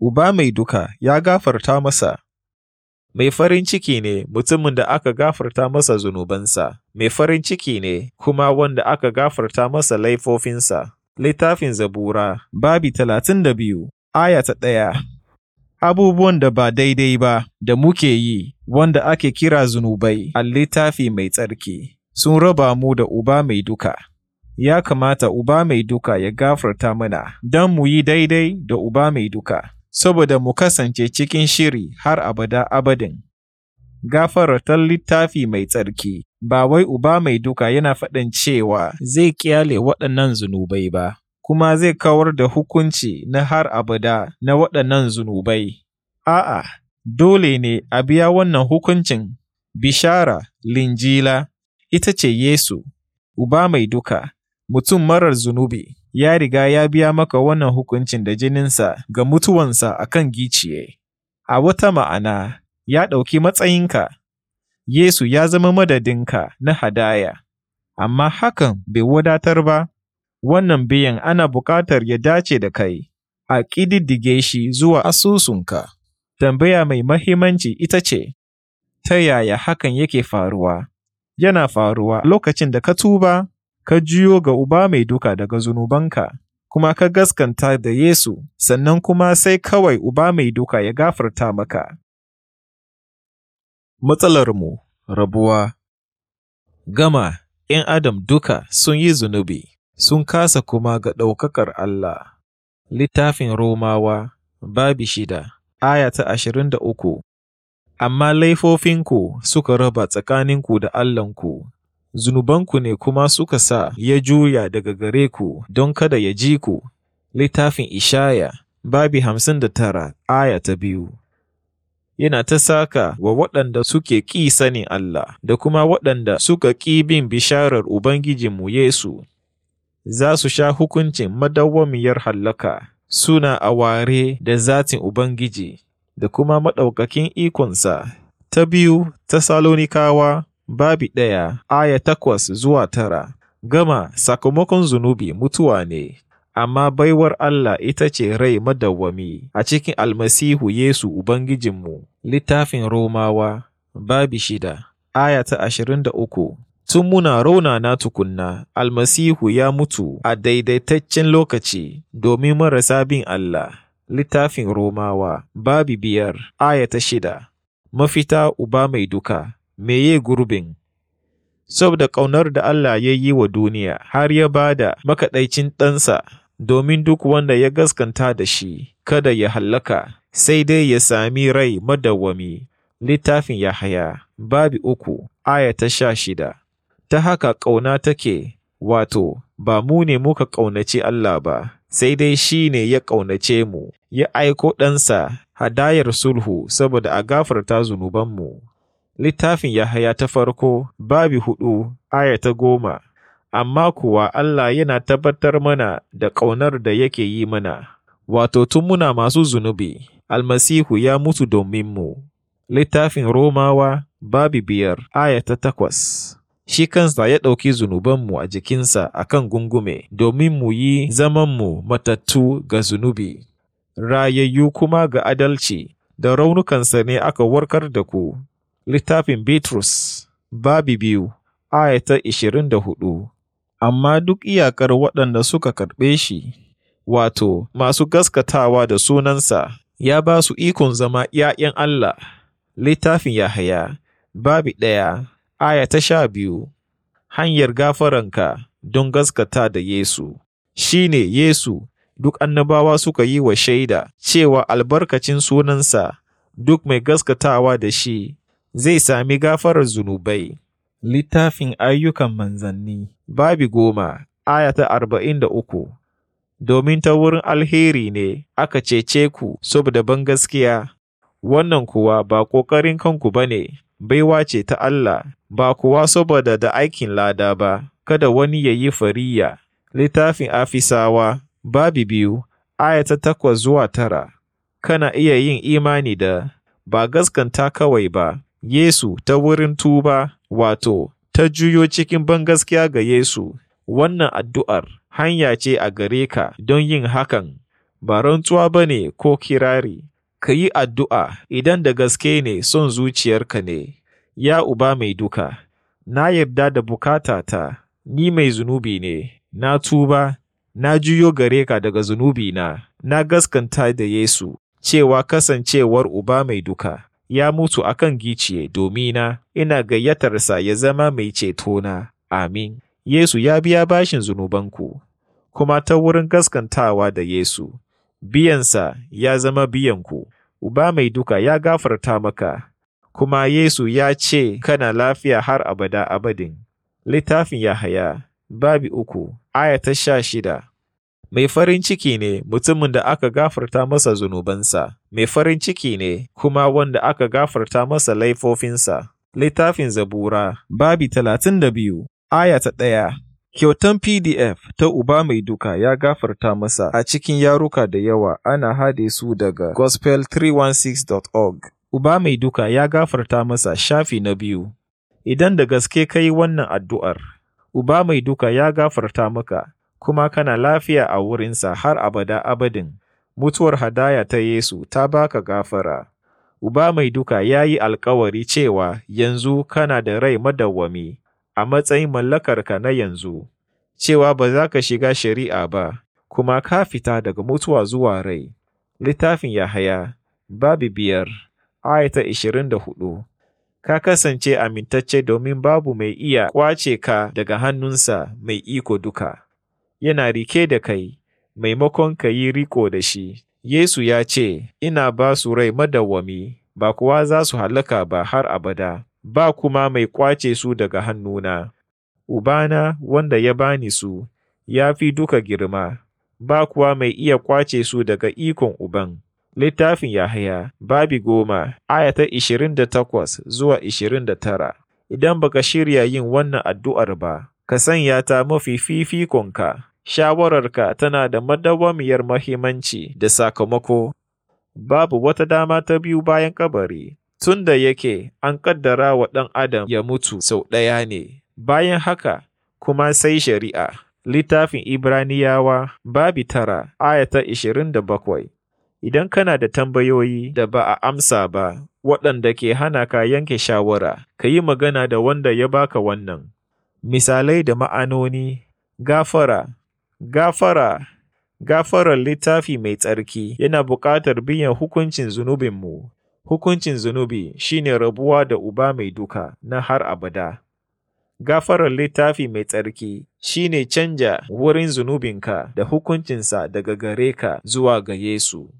Uba mai duka ya gafarta masa, mai farin ciki ne mutumin da aka gafarta masa zunubansa, mai farin ciki ne kuma wanda aka gafarta masa laifofinsa. Littafin Zabura, Babi talatin da biyu, aya ta ɗaya. Abubuwan da ba daidai ba da muke yi, wanda ake kira zunubai a littafi mai tsarki, sun raba mu da Uba mai duka. Ya kamata Uba mai duka ya gafarta mana, don mu yi daidai da Uba mai duka. saboda mu kasance cikin shiri har abada abadin. Gafartar littafi mai tsarki, ba wai uba mai duka yana faɗin cewa zai ƙyale waɗannan zunubai ba, kuma zai kawar da hukunci na har abada na waɗannan zunubai. A'a, dole ne a biya wannan hukuncin bishara linjila ita ce Yesu, uba mai duka, mutum marar zunubi. ya riga ya biya maka wannan hukuncin da jininsa ga mutuwansa a kan giciye. A wata ma'ana, ya ɗauki matsayinka, Yesu ya zama madadinka na hadaya, amma hakan bai wadatar ba, wannan biyan ana buƙatar ya dace da kai, a ƙididdige shi zuwa asusunka. Tambaya mai mahimmanci ita ce, ta yaya hakan yake faruwa? Yana faruwa lokacin da ka tuba ka jiyo ga Uba mai duka daga zunubanka, kuma ka gaskanta da Yesu, sannan kuma sai kawai Uba mai duka ya gafarta maka. Matsalarmu, rabuwa Gama, ‘yan Adam duka sun yi zunubi, sun kasa kuma ga ɗaukakar Allah. Littafin Romawa, babi shida, aya ta ashirin da uku. Amma laifofinku suka raba tsakaninku da Allahnku zunubanku ne kuma suka sa ya juya daga gare ku don kada ya ji ku. Littafin Ishaya, babi hamsin da tara, aya ta biyu. Yana ta saka wa waɗanda suke ƙi sanin Allah da kuma waɗanda suka ƙi bin bisharar Ubangijinmu Yesu, za su sha hukuncin madawwamiyar hallaka, suna a ware da zatin Ubangiji da kuma maɗaukakin ikonsa. Ta biyu, ta Salonikawa babi ɗaya aya takwas zuwa tara. Gama sakamakon zunubi mutuwa ne, amma baiwar Allah ita ce rai madawwami a cikin almasihu Yesu Ubangijinmu, littafin Romawa, babi shida, aya ta ashirin da uku. Tun muna na tukunna, almasihu ya mutu a daidaitaccen lokaci domin marasa bin Allah, littafin Romawa, babi biyar, aya ta shida. Mafita Uba mai duka. meye gurbin saboda ƙaunar da Allah ya yi wa duniya har ya ba da makaɗaicin ɗansa domin duk wanda ya gaskanta da shi kada ya hallaka sai dai ya sami rai madawwami littafin Yahaya babi uku aya ta sha shida ta haka ƙauna take wato ba mu ne muka ƙaunaci Allah ba sai dai shi ne ya ƙaunace mu ya aiko ɗansa hadayar sulhu saboda a gafarta zunubanmu littafin Yahaya ta farko, babi hudu, aya ta goma, amma kuwa Allah yana tabbatar mana da ƙaunar da yake yi mana, wato tun muna masu zunubi, almasihu ya mutu domin mu. Littafin Romawa, babi biyar, aya ta takwas. Shi kansa ya ɗauki zunubanmu a jikinsa a kan gungume, domin mu yi zamanmu matattu ga zunubi, rayayyu kuma ga adalci, da raunukansa ne aka warkar da ku. littafin Bitrus, babi biyu, ayata ta ishirin da hudu, amma duk iyakar waɗanda suka karɓe shi, wato, masu gaskatawa da sunansa, ya ba su ikon zama ’ya'yan Allah, littafin Yahaya, babi ɗaya, aya ta sha biyu, hanyar gafaranka don gaskata da Yesu, shi ne Yesu duk annabawa suka yi wa shaida cewa albarkacin sunansa duk mai gaskatawa da shi zai sami gafarar zunubai. Littafin ayyukan manzanni Babi goma, aya ta arba'in da uku Domin ta wurin alheri ne aka cece ku saboda ban gaskiya, wannan kuwa ba ƙoƙarin kanku ba ne, baiwa ce ta Allah, ba kuwa saboda da aikin lada ba, kada wani ya yi fariya. Littafin Afisawa, babi biyu, aya ta takwas zuwa tara, kana iya yin imani da ba gaskanta kawai ba, Yesu ta wurin tuba, wato, ta juyo cikin bangaskiya ga Yesu, wannan addu'ar hanya ce a gare ka don yin hakan, ba rantsuwa ba ne ko kirari, ka yi addu'a idan da gaske ne son zuciyarka ne, ya uba mai duka, na yarda da ta. ni mai zunubi ne, na tuba, na juyo gare ka daga na. na gaskanta da Yesu, cewa kasancewar uba mai duka. ya mutu akan giciye domina ina gayyatarsa ya zama mai cetona amin Yesu ya biya bashin zunubanku kuma ta wurin gaskantawa da Yesu biyansa ya zama biyanku uba mai duka ya gafarta maka kuma Yesu ya ce kana lafiya har abada abadin littafin Yahaya babi uku aya ta sha shida mai farin ciki ne mutumin da aka gafarta masa zunubansa, mai farin ciki ne kuma wanda aka gafarta masa laifofinsa. Littafin Zabura, Babi talatin da biyu, aya ta ɗaya. Kyautan PDF ta Uba Mai Duka ya gafarta masa a cikin yaruka da yawa ana hade su daga gospel316.org. Uba Mai Duka ya gafarta masa shafi na biyu. Idan da gaske ka yi wannan addu'ar, Uba Mai Duka ya gafarta maka, kuma kana lafiya a wurinsa har abada abadin. Mutuwar hadaya ta Yesu ta baka gafara. Uba mai duka ya yi alkawari cewa yanzu kana da rai madawwami a matsayin mallakarka na yanzu, cewa ba za ka shiga shari'a ba, kuma ka fita daga mutuwa zuwa rai. Littafin Yahaya, Babu biyar, ayata ishirin da hudu. Ka kasance amintacce domin babu mai iya kwace ka daga hannunsa mai iko duka. yana rike da kai, maimakon ka yi riko da shi. Yesu ya ce, Ina ba su rai madawwami, ba kuwa za su halaka ba har abada, ba kuma mai kwace su daga hannuna. Ubana wanda ya bani su, ya fi duka girma, ba kuwa mai iya kwace su daga ikon Uban. Littafin Yahaya, babi goma, aya ta ishirin da takwas zuwa ishirin da tara. Idan baka shirya yin wannan addu'ar ba, ka sanya ta mafi fifikonka, shawararka tana da madawwamiyar mahimmanci da sakamako, babu wata dama ta biyu bayan kabari, tun da yake an ƙaddara wa ɗan adam ya mutu sau ɗaya ne, bayan haka kuma sai shari'a. Littafin Ibraniyawa, babi tara, ayata ishirin da bakwai. Idan kana da tambayoyi da ba a amsa ba, waɗanda ke hana ka yanke shawara, ka yi magana da wanda ya baka wannan. Misalai da ma'anoni gafara, gafara, gafarar littafi mai tsarki yana buƙatar biyan hukuncin zunubinmu, hukuncin zunubi shi ne rabuwa da Uba mai duka na har abada. Gafarar littafi mai tsarki shi ne canja wurin zunubinka da hukuncinsa daga gare ka zuwa ga Yesu.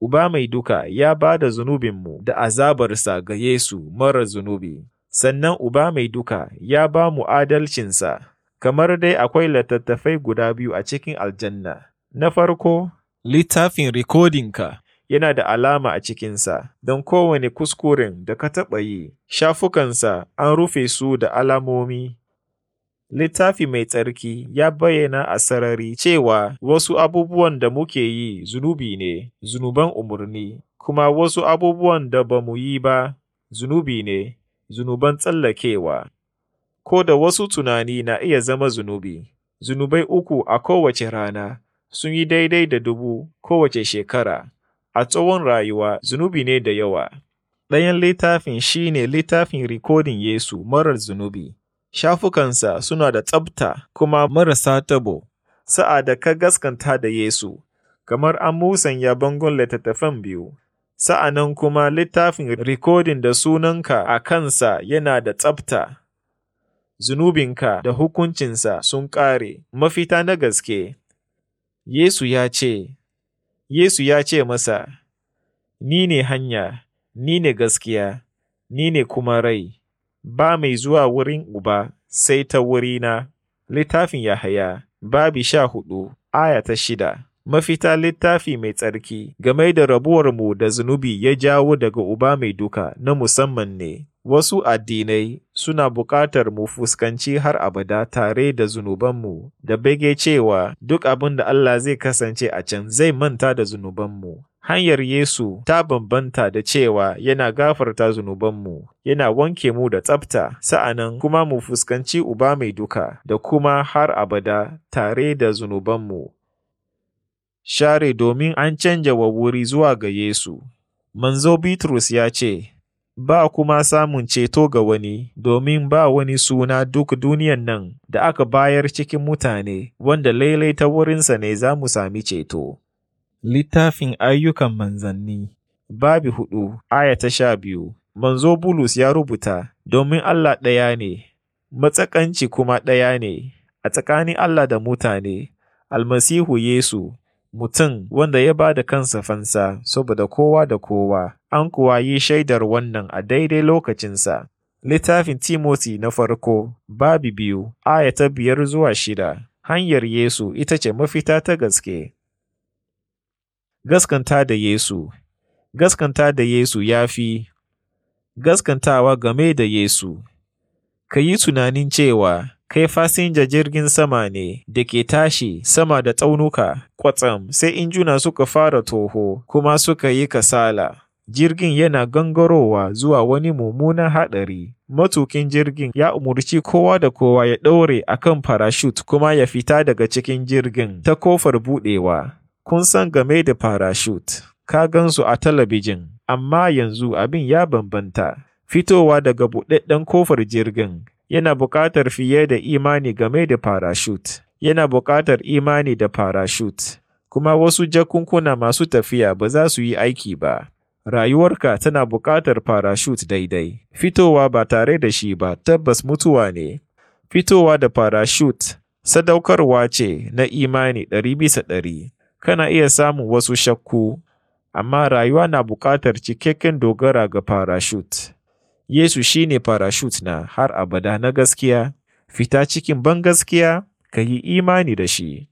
Uba mai duka ya ba da zunubinmu da azabarsa ga Yesu marar zunubi. sannan Uba mai duka ya ba mu adalcinsa, kamar dai akwai littattafai guda biyu a cikin aljanna. Na farko, littafin rikodinka yana da alama a cikinsa, don kowane kuskuren da ka taɓa yi, shafukansa an rufe su da alamomi. Littafi mai tsarki ya bayyana a sarari cewa wasu abubuwan da muke yi zunubi ne, zunuban umarni, kuma wasu abubuwan da ba mu yi ba zunubi ne, zunuban tsallakewa, ko da wasu tunani na iya zama zunubi, zunubai uku a kowace rana sun yi daidai da dubu kowace shekara, a tsawon rayuwa zunubi ne da yawa. Ɗayan littafin shi ne littafin rikodin Yesu marar zunubi, shafukansa suna da tsabta kuma marasa tabo, sa'a da ka gaskanta da Yesu, kamar an musanya bangon littattafan biyu. sa'an kuma littafin rikodin da sunanka a kansa yana da tsabta. Zunubinka da hukuncinsa sun ƙare, mafita na gaske. Yesu ya ce, Yesu ya ce masa, Ni ne hanya, ni ne gaskiya, ni ne kuma rai, ba mai zuwa wurin Uba sai ta wurina. Littafin Yahaya, babi sha hudu, aya ta shida. mafita littafi mai tsarki game da rabuwar mu da zunubi ya jawo daga Uba mai duka na musamman ne. Wasu addinai suna buƙatar mu fuskanci har abada tare da zunubanmu, da bege cewa duk abin da Allah zai kasance a can zai manta da zunubanmu. Hanyar Yesu ta bambanta da cewa yana gafarta zunubanmu, yana wanke mu da tsabta sa'anan kuma mu fuskanci Uba mai duka da kuma har abada tare da zunubanmu. share domin an canja wa wuri zuwa ga Yesu. Manzo Bitrus ya ce, Ba kuma samun ceto ga wani, domin ba wani suna duk duniyan nan da aka bayar cikin mutane, wanda lailai ta wurinsa ne za mu sami ceto. Littafin ayyukan manzanni Babi hudu, aya ta sha biyu, manzo Bulus ya rubuta, domin Allah ɗaya ne, matsakanci kuma ɗaya ne, a tsakanin Allah da mutane, almasihu Yesu, mutum wanda ya ba da kansa fansa saboda kowa da kowa, an kuwa yi shaidar wannan a daidai lokacinsa. Littafin Timoti na farko, babi biyu, aya ta biyar zuwa shida, hanyar Yesu ita ce mafita ta gaske. Gaskanta da Yesu Gaskanta da Yesu ya fi gaskantawa game da Yesu. Ka yi tunanin cewa kai fasinja jirgin sama ne da ke tashi sama da tsaunuka kwatsam sai injuna suka fara toho kuma suka yi kasala. Jirgin yana gangarowa zuwa wani mummunan haɗari. Matukin jirgin ya umurci kowa da kowa ya ɗaure a kan parachute kuma ya fita daga cikin jirgin ta kofar buɗewa. Kun san game da parachute, ka gan su a talabijin, amma yanzu abin ya bambanta. Fitowa daga buɗaɗɗen kofar jirgin yana buƙatar fiye da imani game da parachute. Yana buƙatar imani da parachute. Kuma wasu jakunkuna masu tafiya ba za su yi aiki ba. Rayuwarka tana buƙatar parachute daidai. Fitowa ba tare da shi ba tabbas mutuwa ne. Fitowa da parachute sadaukarwa ce na imani ɗari bisa ɗari. Kana iya samun wasu shakku, amma rayuwa na buƙatar cikakken dogara ga parachute. Yesu shi ne parachute na har abada na gaskiya, fita cikin ban gaskiya, ka yi imani da shi.